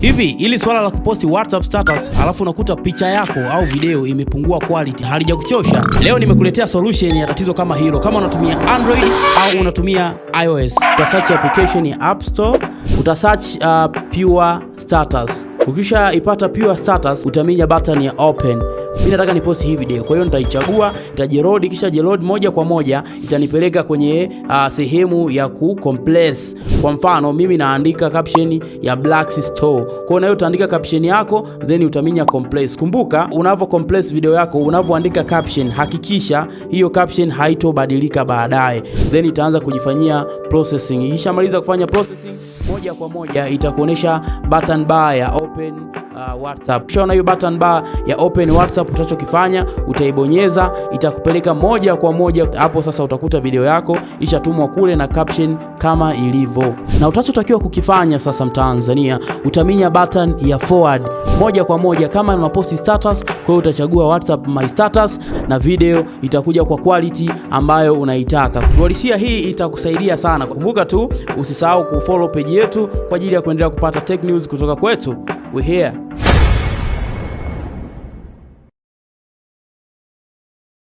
Hivi ili swala la kuposti WhatsApp status alafu unakuta picha yako au video imepungua quality halijakuchosha? Leo nimekuletea solution ya tatizo kama hilo. Kama unatumia Android au unatumia iOS, uta search application ya App Store, utasearch uh, pure status Ukisha ipata pure status, utaminya button ya open. Mimi nataka niposti hii video, kwa hiyo nitaichagua, itajerod, kisha jerod moja kwa moja itanipeleka kwenye uh, sehemu ya ku compress. Kwa mfano mimi naandika caption ya Black Store, kwa hiyo nayo utaandika caption yako then utaminya compress. Kumbuka unavyo compress video yako, unavyoandika caption, hakikisha hiyo caption haitobadilika baadaye, then itaanza kujifanyia processing. Ikishamaliza kufanya processing, moja kwa moja itakuonesha button bar ya open open uh, WhatsApp. Ukiona hiyo button bar ya open WhatsApp, utachokifanya utaibonyeza, itakupeleka moja kwa moja hapo. Sasa utakuta video yako ishatumwa kule na caption kama ilivyo, na utachotakiwa kukifanya sasa, Mtanzania, utaminya button ya forward moja kwa moja kama unaposti status. Kwa hiyo utachagua WhatsApp my status na video itakuja kwa quality ambayo unaitaka. Kualisia hii itakusaidia sana. Kumbuka tu usisahau kufollow page yetu kwa ajili ya kuendelea kupata tech news kutoka kwetu. We're here.